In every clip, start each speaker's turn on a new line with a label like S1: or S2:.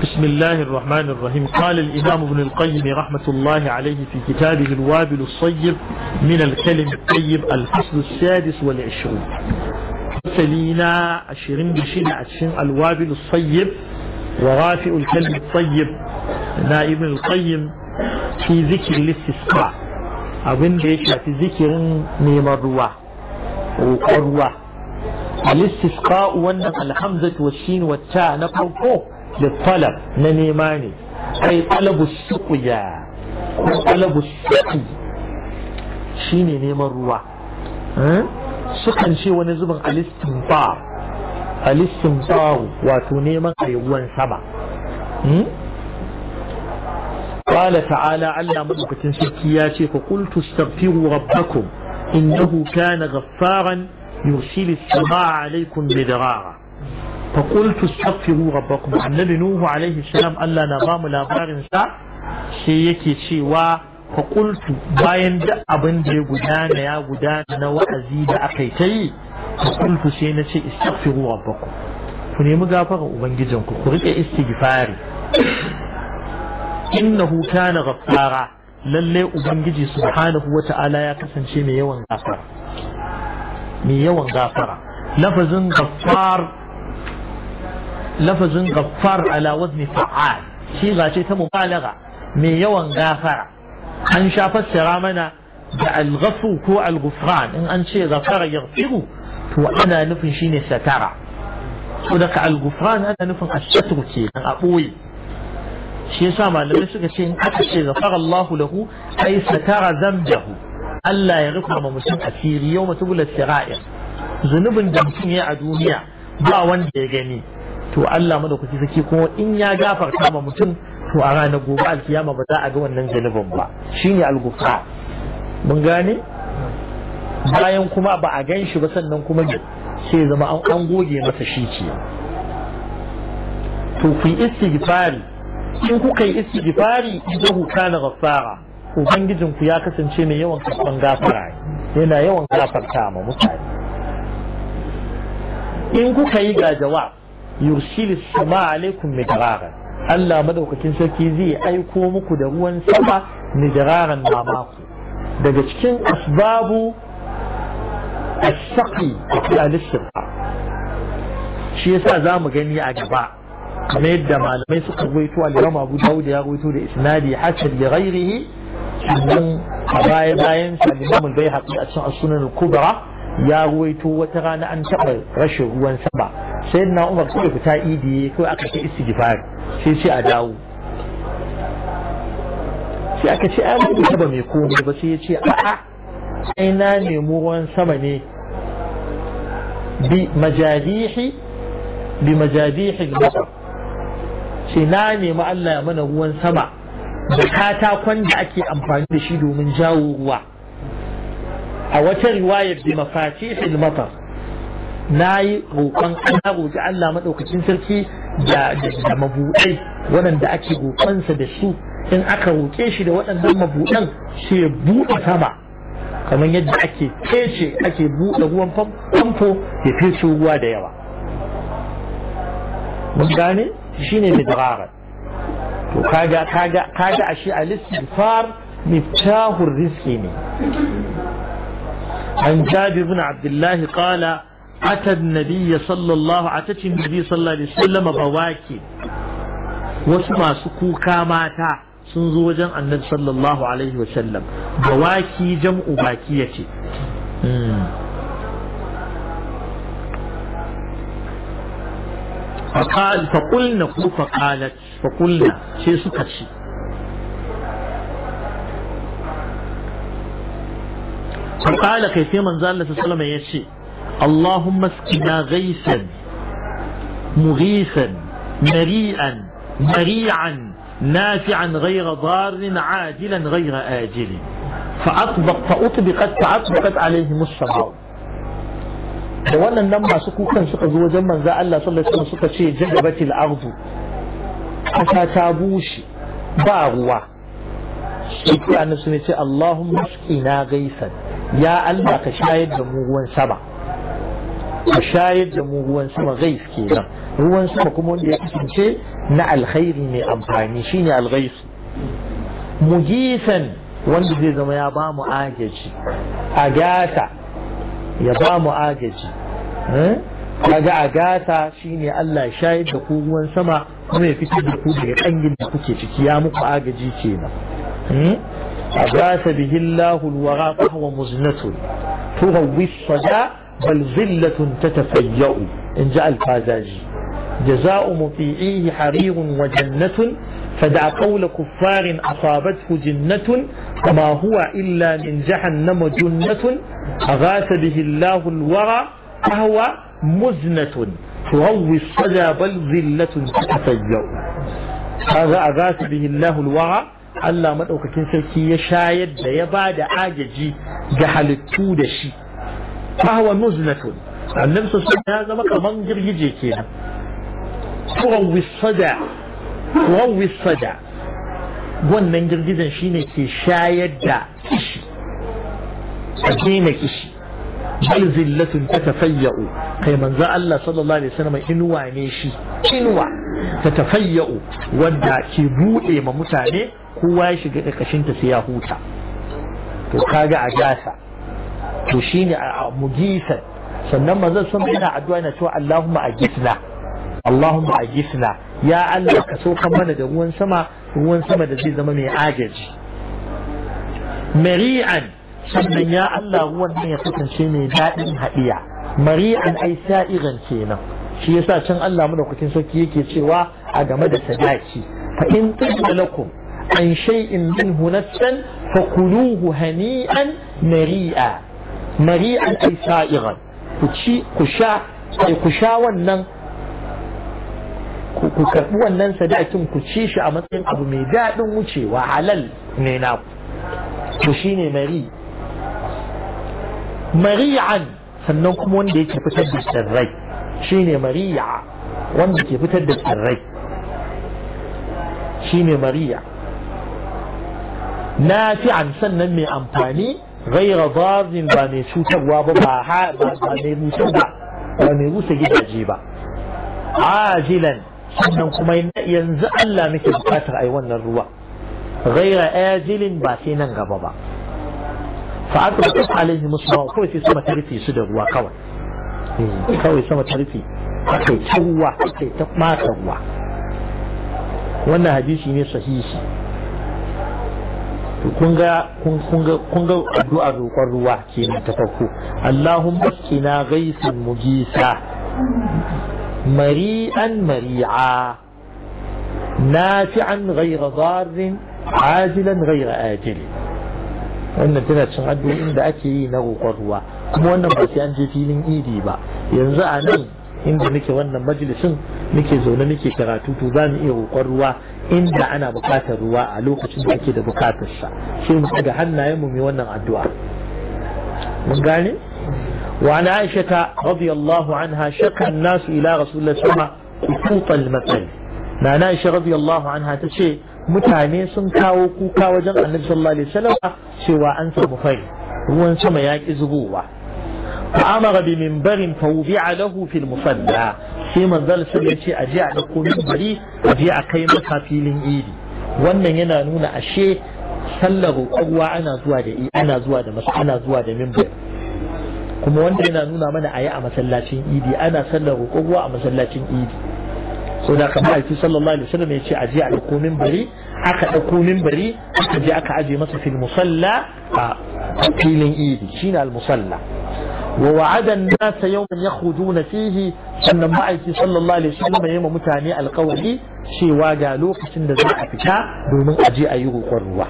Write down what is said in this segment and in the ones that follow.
S1: بسم الله الرحمن الرحيم قال الإمام ابن القيم رحمة الله عليه في كتابه الوابل الصيب من الكلم الطيب الفصل السادس والعشرون سلينا عشرين بشين عشرين الوابل الصيب ورافئ الكلم الطيب نائب القيم في ذكر الاستسقاء أبن ليش في ذكر نيم الروا الرواة الاستسقاء وأن الحمزة والشين والتاء نفرقوه للطلب ننيماني أي طلب السقيا طلب السقي شيني نيمان ها sukan شي ونزبن zubin alistimfar alistimfar wato neman سبع ruwan قال تعالى على مدوكة سكياتي فقلت استغفروا ربكم إنه كان غفارا يرسل السماء عليكم بدرارا فقلت استغفروا ربكم النبي نوح عليه السلام ألا نظام لا بارنسا سيكي سوى faƙultu bayan da abin da ya gudana ya gudana na wa'azi da aka yi ta yi faƙultu sai na ce istaghfiru rabbaku ku nemi gafara ubangijinku ku riƙe In na huta kana ghaffara Lallai ubangiji subhanahu wata'ala ya kasance mai yawan gafara mai yawan gafara lafazin ghaffar lafazin gaffar ala wazni fa'al shi ba ce ta mubalaga mai yawan gafara an sha fassara mana da alghafu ko alghufran in an ce ghafara yaghfiru to ana nufin shine satara to daga alghufran ana nufin asatru kenan a boye shi yasa malamai suka ce in aka ce ghafara Allahu lahu ai satara zambahu Allah ya rufa ma mutum asiri yau matubula sira'ir zunubin da mutum ya a duniya ba wanda ya gani to Allah madaukaki saki kuma in ya gafarta ma mutum to a ranar gobe alkiyama ba za a ga wannan zanubin ba shine al mun gane bayan kuma ba a gan ba sannan kuma sai zama an goge masa shi ke to ku yi istighfari in kuka yi istighfari idahu kana ghaffara ubangijin ku ya kasance mai yawan karban gafara yana yawan gafarta ma mutane in kuka yi gajawa yursil sama alaikum midrara Allah madaukakin sarki zai aiko muku da ruwan sama midraran mamaku daga cikin asbabu as-saqi shi yasa za mu gani a gaba kamar yadda malamai suka ruwaito al-imam Abu Dawud ya ruwaito da isnadi hasan li ghairihi
S2: sannan a baya
S1: bayan al-imam al a cikin as-sunan kubra ya ruwaito wata rana an taɓa rashin ruwan sama sai na umar kawai fita idi kawai aka ce istighfar sai sai a dawo sai aka ce an yi ba mai komai ba sai ya ce a'a ai na nemo ruwan sama ne bi majadihi bi sai na nemi Allah ya mana ruwan sama da katakon da ake amfani da shi domin jawo ruwa a wata riwayar bi mafatihil matar na yi roƙon na roƙi Allah maɗaukacin sarki da mabuɗai waɗanda ake roƙonsa da su in aka roƙe shi da waɗannan mabuɗan sai ya buɗe sama kamar yadda ake fece ake buɗe ruwan famfo ya feso ruwa da yawa mun gane shine midrarar to kaga kaga kaga ashe al-istighfar miftahur rizqi ne an jabir ibn Abdullahi qala Ata nabiya sallallahu a tashin nabiya sallar e sulamma ba wa ke, wasu masu kuka mata sun zo wajen a sallallahu alaihi wa ba wa ki jam'u baki ya ce. Faqulina ce suka ci. Faquuna kaifin man zallata sulamma ya ce. اللهم اسقنا غيثا مغيثا مريئا مريعا نافعا غير ضار عاجلا غير آجل فأطبق فأطبقت فأطبقت عليهم السماء da wannan nan masu kukan suka zo wajen manzo Allah sallallahu alaihi wasallam suka ce jadabatil ardu kasa ta bushe ba ruwa sai annabi sun ce Allahumma sqina gaisan ya Allah ka shayar da mu ruwan sama a shayar da mu ruwan sama gais kenan ruwan sama kuma wanda ya kasance na alkhairi mai amfani shine alghais mugisan wanda zai zama ya ba mu agaji agata ya ba mu agaji eh? kaga agata shine Allah shayar da ku ruwan sama kuma ya fitar da ku daga kangin da kuke ciki ya muku agaji kenan Agata به الله الوراء فهو مزنة تروي بل ظلة تتفيأ إن جاء الفازاجي جزاء مطيعيه حرير وجنة فدع قول كفار أصابته جنة وما هو إلا من جهنم جنة أغاث به الله الورى فهو مزنة تروي الصدى بل ظلة تتفيأ هذا أغاث به الله الورى الله maɗaukakin sarki ya shayar da ya ba da فهو مزنة النفس الصدى هذا بقى منظر يجي كده تروي الصدى تروي الصدى بون منظر جدا شيني كي شايد دا كشي أدين كشي بل زلة تتفيأ كي من ذا الله صلى الله عليه وسلم إنوى نيشي إنوى تتفيأ ودا كي بوئي ما متعني كواشي كشنت سياهوتا تقاقع جاسا to shine a mugisan sannan manzon sun ina addu'a ina cewa Allahumma ajisna Allahumma ajisna ya Allah ka sauka mana da ruwan sama ruwan sama da zai zama mai agaji mari'an sannan ya Allah ruwan nan ya kasance mai daɗin haɗiya mari'an ai sa'iran kenan shi yasa can Allah madaukakin sarki yake cewa a game da sadaki fa in tibba lakum an shay'in minhu nafsan fakuluhu hani'an mari'a mari'an ai sa'iran ku ci ku sha ai ku sha wannan ku karɓi wannan sadakin ku ci shi a matsayin abu mai daɗin wucewa halal ne na to ne mari mari'an sannan kuma wanda yake fitar da tsirrai shine mari'a wanda ke fitar da tsirrai shine mari'a nafi'an sannan mai amfani غير ضار ba mai cutarwa ba ba ha ba mai ba rusa gidaje ba jilan. sannan kuma yanzu Allah muke bukatar ai wannan ruwa ghaira ajilin ba sai nan gaba ba fa atbaqat alaihi musma kawai sai sama ta rufe su da ruwa kawai kawai sama ta rufe ta ruwa akai ta mata ruwa wannan hadisi ne sahihi kun ga kun ga addu'a roƙon ruwa kenan ta farko Allahumma qina ghaisan mugisa mari'an mari'a nafi'an ghayra darrin ajilan ghayra ajil wannan tana cin addu'o'in da ake yi na roƙon ruwa kuma wannan ba sai an je filin idi ba yanzu a nan inda nake wannan majalisin muke zaune muke karatu to za mu iya roƙon ruwa inda ana buƙatar ruwa a lokacin da ake da buƙatar sa shi mu daga hannayen mu mai wannan addu'a mun gane wa an aisha radiyallahu anha shakka nasu ila rasulullahi sallallahu alaihi wasallam qutut al-masal na aisha radiyallahu anha ce mutane sun kawo kuka wajen annabi sallallahu alaihi wasallam cewa an samu fai. ruwan sama ya ki zubowa فأمر بمنبر فوضع له في المصلى sai manzal sun ya ce a a ɗauko mimbari a je a kai masa filin idi wannan yana nuna ashe sallar roƙon ana zuwa da ana zuwa kuma wanda yana nuna mana a yi a masallacin idi ana sallar roƙon a masallacin idi so da kamar aiki sallallahu alaihi wasallam ya ce aje a ɗauko mimbari aka ɗauko mimbari aka je aka aje masa fil musalla a filin idi shine al musalla ووعد الناس يوما يخرجون فيه ان معك صلى الله عليه وسلم يوم متاني القول شي واجا لوكس ان ذا افكا دون اجي ايه قروه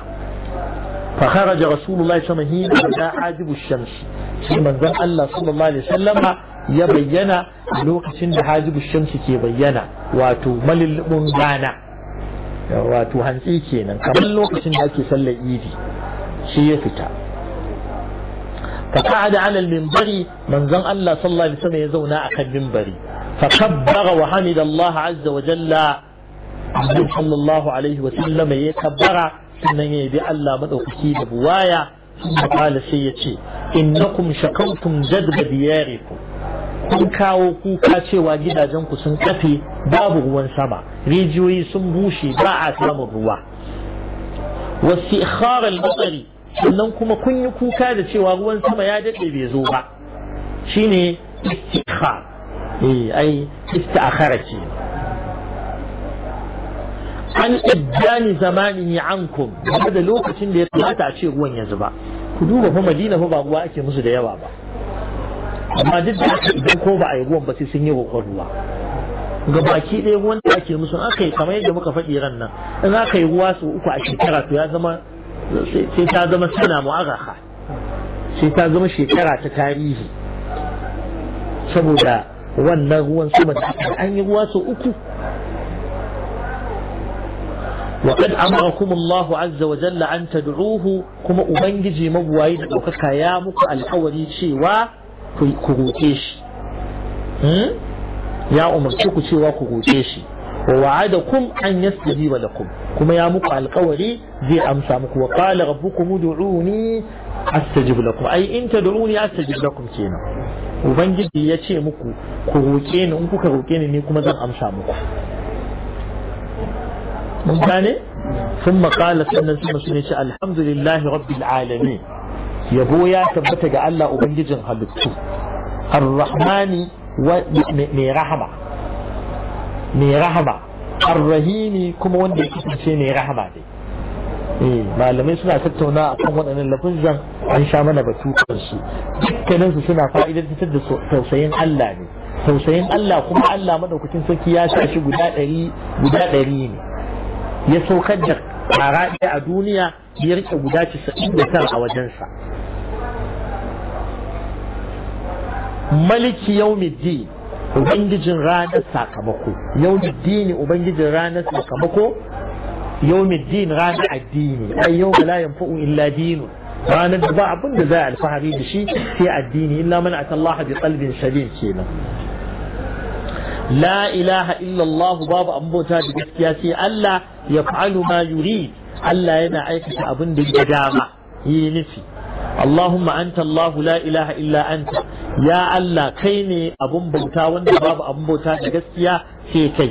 S1: فخرج رسول الله صلى الله عليه وسلم هنا عاجب الشمس ثم ذن الله صلى الله عليه وسلم يبين لوكس ان عاجب الشمس كي بينا واتو مل المنجانا واتو هنسيكينا كمل لوكس ان اكي سلى ايدي شي يفتح فقعد على المنبر من زن الله صلى الله عليه وسلم يزونا أكا المنبر فكبر وحمد الله عز وجل صلى الله عليه وسلم يكبر سنن يبي الله من أكيد بوايا ثم قال سيتي إنكم شكوتم جدب دياركم kun kawo kuka cewa gidajenku sun kafe babu ruwan sama rijiyoyi sun bushe ba a samun ruwa wasu ikharar matsari sannan kuma kun yi kuka da cewa ruwan sama ya daɗe bai zo ba shine istikha eh ai istakhara ce an iddani zamani ankum kuma da lokacin da ya kamata a ce ruwan ya zuba ku duba fa madina fa ba ruwa ake musu da yawa ba amma duk da aka idan ko ba a yi ruwan ba sai sun yi roƙon ruwa ga baki ɗaya ruwan da ake musu aka yi kamar yadda muka faɗi ran nan in aka yi ruwa su uku a shekara to ya zama sai ta zama suna mu'agaha sai ta zama shekara ta tarihi saboda wannan ruwan sama da aka an yi ruwa sau uku wa kad amarakum Allah azza wa jalla an kuma ubangiji mabuwayi da ɗaukaka ya muku alkawari cewa ku roƙe shi hmm? ya umarci ku cewa ku roƙe shi ووعدكم أن يستجيب لكم كما يا مقع القولي زي أمسامك وقال ربكم ادعوني أستجب لكم أي إن تدعوني أستجب لكم كينا وبنجي يتشي مكو كروكين أنكو كروكين نيكو مدن أمسامك ممتاني ثم قال سنة ثم سنة الحمد لله رب العالمين yabo ya tabbata ga Allah Ubangijin halittu, Ar-Rahmani mai rahama. mai rahama arrahimi kuma wanda ya kasance mai rahama dai eh, malamai suna tattauna akan waɗannan lafuzan an sha mana batu su dukkanin su suna fa'idantar da tausayin Allah ne tausayin Allah kuma Allah madaukakin sarki ya sa shi guda ɗari guda ɗari ne ya saukar da ƙara ɗaya a duniya ya rike guda casa'in da tara a wajensa maliki yaumiddin ubangijin ranar sakamako yawmiddin ubangijin ranar sakamako yawmiddin ranar addini ai yau la yanfa'u illa dinu ranar da ba abin da za alfahari da shi sai addini illa man atallaha bi qalbin salim kenan la ilaha illallahu babu an bauta da gaskiya sai Allah ya fa'alu ma yuri Allah yana aikata abin da ya dama yi nufi Allahumma antallahu la ilaha illa anta ya Allah kaine ne abun bauta wanda babu abun bauta da gaskiya sai kai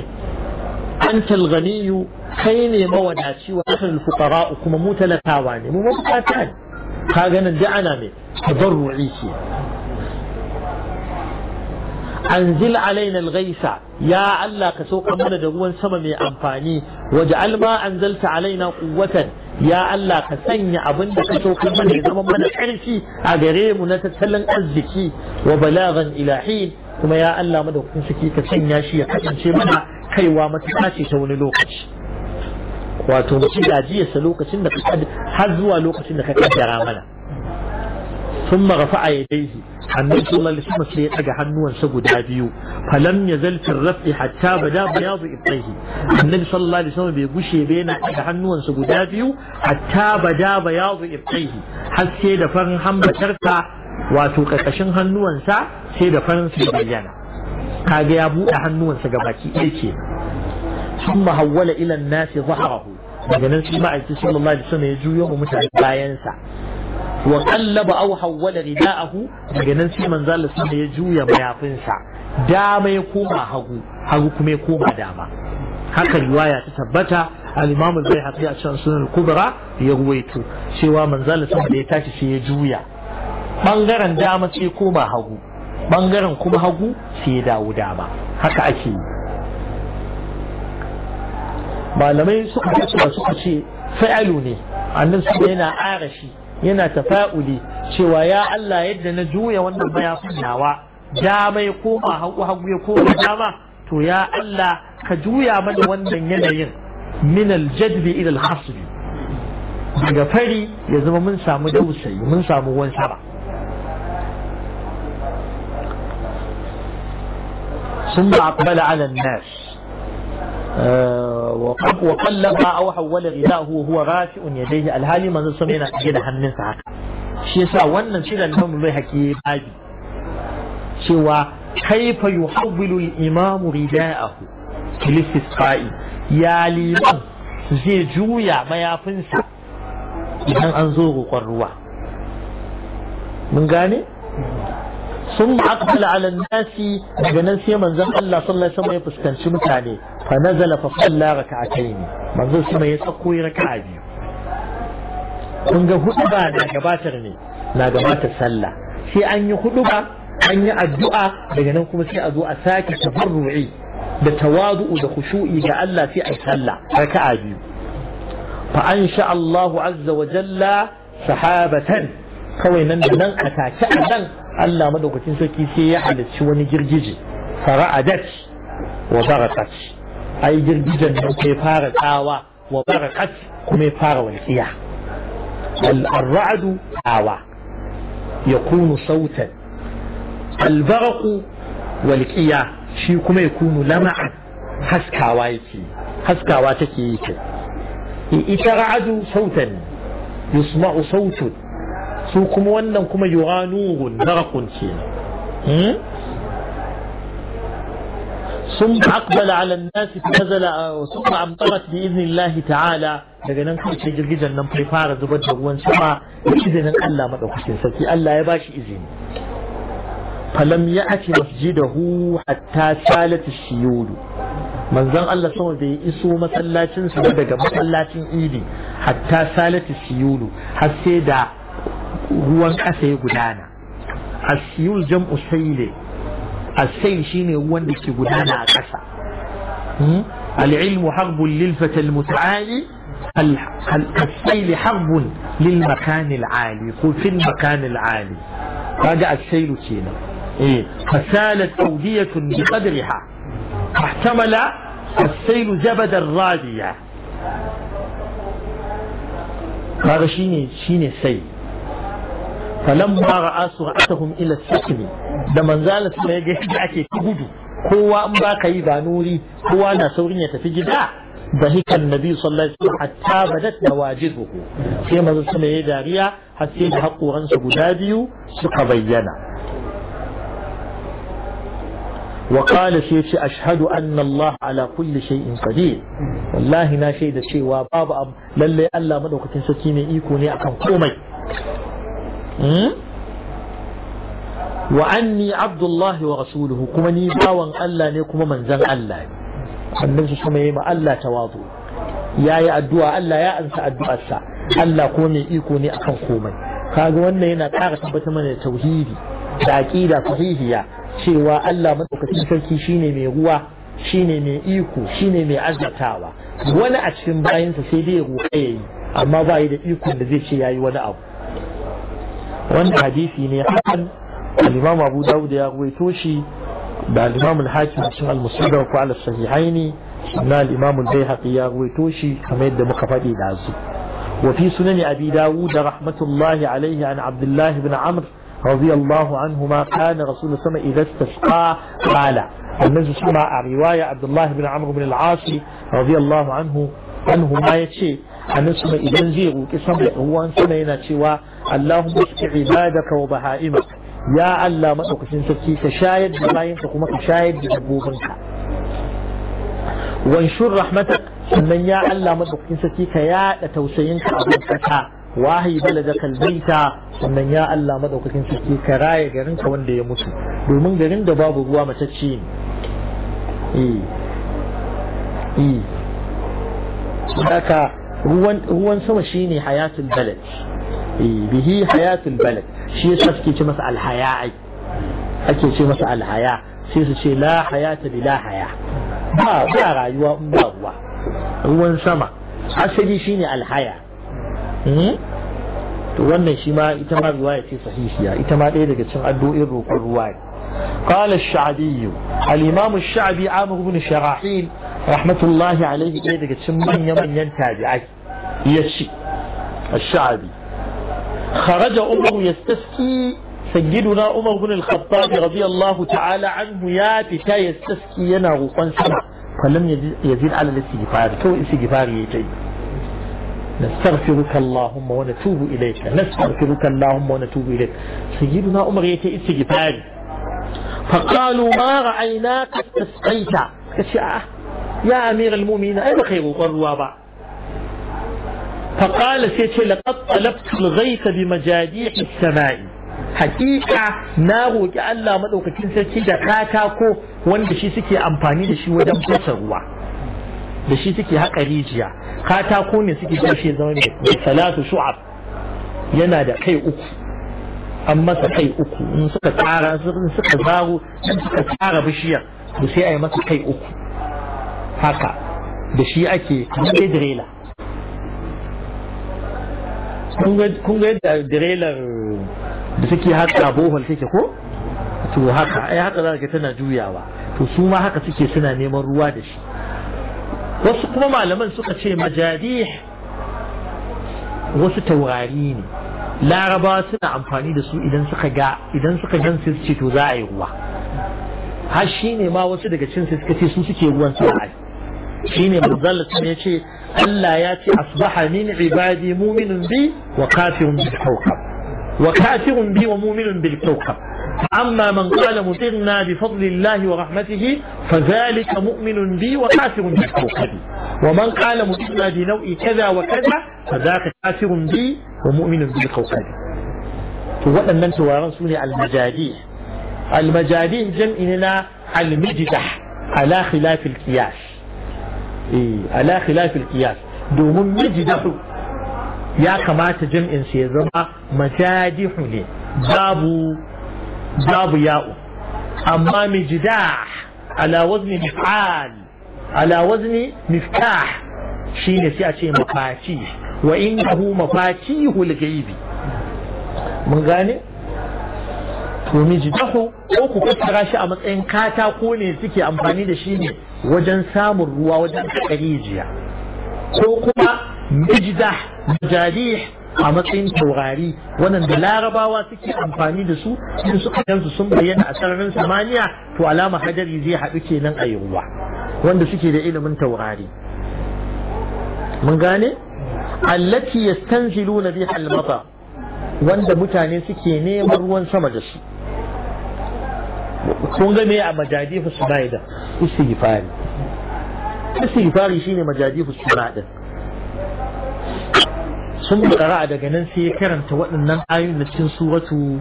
S1: anta al-ghaniyu kai ne mawadaci wa ahlul fuqara kuma mu talatawa ne mu mabukata ka ganin da ana ne tabarru'i ce anzil alaina ya Allah ka sauka mana da ruwan sama mai amfani waj'al ma anzalta alaina quwwatan ya Allah ka sanya abin da ka so kuma ya zama mana ƙarfi a gare mu na tattalin arziki wa balagan ilahin kuma ya Allah madaukakin sarki ka sanya shi ya kasance mana kaiwa matuƙa ce ta wani lokaci wato mutum gajiyarsa lokacin da har zuwa lokacin da ka kaddara mana sun marafa a yadaihi annabi sallallahu alaihi wasallam ya daga hannuwansa guda biyu falam yazal fi rafi hatta bada bayadu ibtaihi annabi sallallahu alaihi wasallam bai gushe ba yana daga hannuwansa guda biyu hatta bada bayadu ibtaihi har sai da farin hambatarsa wato karkashin hannuwansa sai da farin su bayyana kaga ya buɗe hannuwansa ga baki ɗaya sun mahawwala ilan nasi zaharahu daga nan sai ma'aiki sallallahu alaihi wasallam ya juyo wa mutane bayansa wa kallaba aw hawwala rida'ahu daga nan sai manzo Allah sai ya juya sa dama ya koma hagu hagu kuma ya koma dama haka riwaya ta tabbata al-Imam al a cikin Sunan kubra ya ruwaito cewa manzo Allah sai ya tashi sai ya juya bangaren dama sai koma hagu bangaren kuma hagu sai ya dawo dama haka ake yi malamai suka ce suka ce fa'alu ne annan su yana arashi yana tafa'uli cewa ya Allah yadda na juya wannan mayafin nawa dama ya koma hagu hagu ya koma dama to ya Allah ka juya mana wannan yanayin min aljadbi ila alhasb daga fari ya zama mun samu dausayi mun samu ruwan sama sun ba aqbala ala nas wa kallaba aw hawwala ghidahu wa huwa rafi'un yadayhi alhali manzo sun yana tsige da hannunsa haka shi yasa wannan shi da nan mai haƙi babi cewa kaifa yuhawwilu al-imamu ridaahu fa'i ya liman zai juya mayafinsa idan an zo ruwan ruwa mun gane ثم أقبل على الناس جنان سي من زم الله صلى الله عليه وسلم يفسكن شي متاني فنزل فصلى ركعتين من زم سما يسقو ركعة بيو kun ga hudu ba na gabatar ne na gabatar sallah sai an yi hudu ba an yi addu'a daga nan kuma sai a zo a sake tafarru'i da tawadu'u da khushu'i ga Allah sai a yi sallah raka'a biyu fa ansha Allahu azza wa jalla sahabatan kawai nan da nan a take a nan Allah madaukakin sarki sai ya halarci wani girgije fara'adat wa barakat ai girgijen da sai fara tsawa wa barakat kuma ya fara walƙiya al-ra'du tsawa yakunu sautan al-baraqu walƙiya shi kuma yakunu lama'a haskawa yake haskawa take yake ita ra'adu sautan yusma'u sautun su kuma wannan kuma yura nurun barakun ce hmm? sun akbala ala nasi fa nazala sun amtarat bi idnillahi ta'ala daga nan kuma sai girgijan nan fai fara zubar da ruwan sama da izinin Allah madaukakin sarki Allah ya bashi izini falam ya ake masjidahu hatta salatu shiyulu manzon Allah sama bai iso masallacin su daga masallacin idi hatta salatu shiyulu har sai da ruwan ƙasa ya gudana asiyul jam'u sayle asail shine ruwan da ke gudana a ƙasa al'ilmu harbun lil fatal muta'ali asail harbun lil makanil ali ko fil makanil ali kaga asailu kenan eh fasalat awdiyatun bi qadriha fahtamala asailu zabadan radiya kaga shine shine sai falamma ra'a sur'atuhum ila sakni da manzala su ya ga ake ta gudu kowa in ba ka yi ba nuri kowa na saurin ya tafi gida da hikan nabi sallallahu alaihi wasallam hatta badat nawajibuhu sai manzo sama ya dariya har sai da hakoran su guda biyu suka bayyana wa qala sai ce ashhadu anna Allah ala kulli shay'in qadir wallahi na shaida cewa babu lalle Allah madaukakin sarki mai iko ne akan komai Hmm? wa anni abdullahi wa rasuluhu kuma ni bawan Allah ne kuma manzan Allah ne annan su kuma yi ma Allah tawazu ya yi addu'a Allah ya ansa addu'arsa Allah ko mai iko ne akan komai kaga wannan yana ƙara tabbatar mana da tauhidi da aqida sahihiya cewa Allah madaukakin sarki shine mai ruwa shine mai iko shine mai azatawa wani a cikin bayansa sai dai ya roƙa yayi amma ba yi da ikon da zai ce yayi wani abu وان حديثي ني الامام ابو داود يا توشي ده الامام الحاكم في المستدرك على الصحيحين سنا الامام البيهقي يا غويتوشي كما يد مكفدي دازو وفي سنن ابي داود رحمه الله عليه عن عبد الله بن عمرو رضي الله عنهما كان رسول الله إذا استسقى قال النبي صلى الله عليه رواية عبد الله بن عمرو بن العاص رضي الله عنه عنهما يتشي annabi idan zai roki sama da ruwan sama yana cewa Allahumma isqi ibadaka wa baha'ima. ya Allah maɗaukacin sarki ka shayar da bayanka kuma ka shayar da dabbobinka wanshur rahmatak sannan ya Allah maɗaukacin sarki ka yada tausayinka a bankata wahi baladaka albaita sannan ya Allah maɗaukacin sarki ka raye garinka wanda ya mutu domin garin da babu ruwa matacce ne eh. Eh. haka هو هو نسوى شيني حياة البلد به حياة البلد شيء يسف كي تمس على الحياة أكي شيء مس الحياة شيء شيء لا حياة بلا حياة ما ما رأيوا ما هو هو نسمع أشجي شيني على الحياة wannan shi ma ita ma riwaya ce sahihiya ita ma ɗaya daga cikin addu'o'in roƙon ruwa قال الشعبي الامام الشعبي عامر بن شراحيل رحمة الله عليه daga cikin manya-manyan tabi'ai ya الشعبي خرج عمر يستسكي سيدنا عمر بن الخطاب رضي الله تعالى عنه يا فتا يستسقي ينا روقان فلم يزيد على الاستغفار تو استغفار يجي نستغفرك اللهم ونتوب إليك نستغفرك اللهم ونتوب إليك سيدنا عمر يتي استغفار فقالوا ما رأيناك استسقيت كشعه يا أمير المؤمنين أين خير الرابع فقال سيتي لقد طلبت الغيث بمجاديح السماء حقيقة نار نارو كألا كنسة كنسكي دكاتاكو وان دشي سكي أمباني دشي ودم بسروا دشي سكي حق ريجيا كاتاكو نسكي دشي زمان بثلاث شعب ينادى كي أكو أما masa أكو uku in suka tsara in suka zaro in suka كي أكو haka da shi ake kuma dai direla kun ga yadda direlar da suke haka bohol take ko to haka ai haka za ka tana juyawa to su ma haka suke suna neman ruwa da shi wasu kuma malaman suka ce majadi wasu taurari ne larabawa suna amfani da su idan suka ga idan suka gan su ce to za a yi ruwa har shi ne ma wasu daga cin suka ce su suke ruwan su. شيني manzal sun ya ce Allah ya ce asbaha min بي mu'minun بالكوكب wa kafirun bil أما من قال مطرنا بفضل الله ورحمته فذلك مؤمن بي وكافر بالكوكب ومن قال مطرنا بنوع كذا وكذا فذاك كافر بي ومؤمن بالكوكب وأن توارن سوني المجاديه المجاديه جمعنا المجدح على خلاف القياس ala khilafil qiyas domin majdahu ya kamata jam'in sa ya zama majadihu ne babu babu ya'u amma majdah ala wazni mif'al ala wazni miftah shine sai a ce mafati wa innahu mafatihul ghaibi mun gane to dahu ko ku fassara shi a matsayin katako ne suke amfani da shi ne wajen samun ruwa wajen rijiya ko kuma mijida majari a matsayin taurari waɗanda larabawa suke amfani da su in suka dansu sun bayyana a sararin samaniya to alama hadari zai haɗu kenan a yiwuwa wanda suke da ilimin taurari mun gane allati yastanziluna biha al wanda mutane suke neman ruwan sama da su. kun ga me a majadifu suna idan istighfari istighfari shine majadifu suna din sun kara daga nan sai ya karanta waɗannan ayoyin na cikin suratu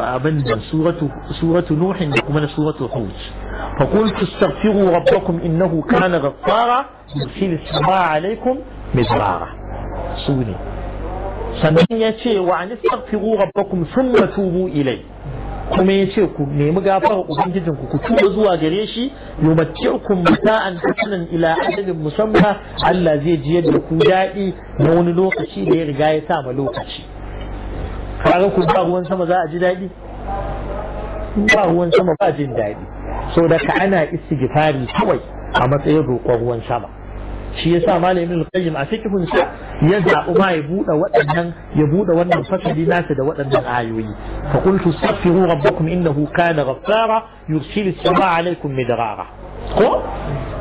S1: abin da suratu suratu nuhin da kuma suratu hud fa qultu tastaghfiru rabbakum innahu kana ghaffara yusil as-samaa alaykum mizrara sune sannan ya ce wa anistaghfiru rabbakum thumma tubu ilayhi kuma ya ce ku nemi gafara ubangijin ku ku tuba zuwa gare shi yumatti'ukum mata'an hasanan ila adadin musamman. Allah zai ji yadda ku daɗi na wani lokaci da ya riga ya sa ma lokaci kaga ku ba ruwan sama za a ji daɗi ba ruwan sama ba jin daɗi so da ka ana istighfari kawai a matsayin roƙon ruwan sama shi yasa malamin ibn al-qayyim a fikihun sa ya da ma ya buɗe waɗannan ya buɗe wannan fasali nasu da waɗannan ayoyi fa qultu astaghfiru rabbakum innahu kana ghaffara yursilu as-samaa 'alaykum midrara ko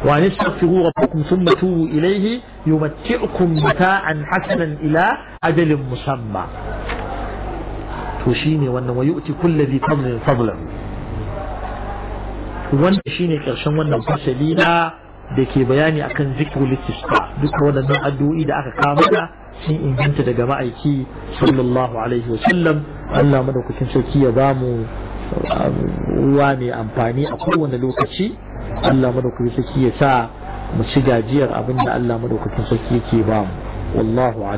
S1: wa nastaghfiru rabbakum thumma tubu ilayhi yumatti'ukum mata'an hasanan ila ajalin musamma to shine wannan wa yu'ti kullu dhi fadlin fadlan wannan shine karshen wannan fasali na da ke bayani akan zikrul duka waɗannan addu'o'i da aka kama da sun inganta daga ma'aiki sallallahu alaihi wa sallam Allah madaukakin sarki ya ba mu um, ruwa mai amfani a kowane lokaci Allah madaukakin sarki ya sa mu ci gajiyar abin da Allah madaukakin sarki yake ba mu wallahu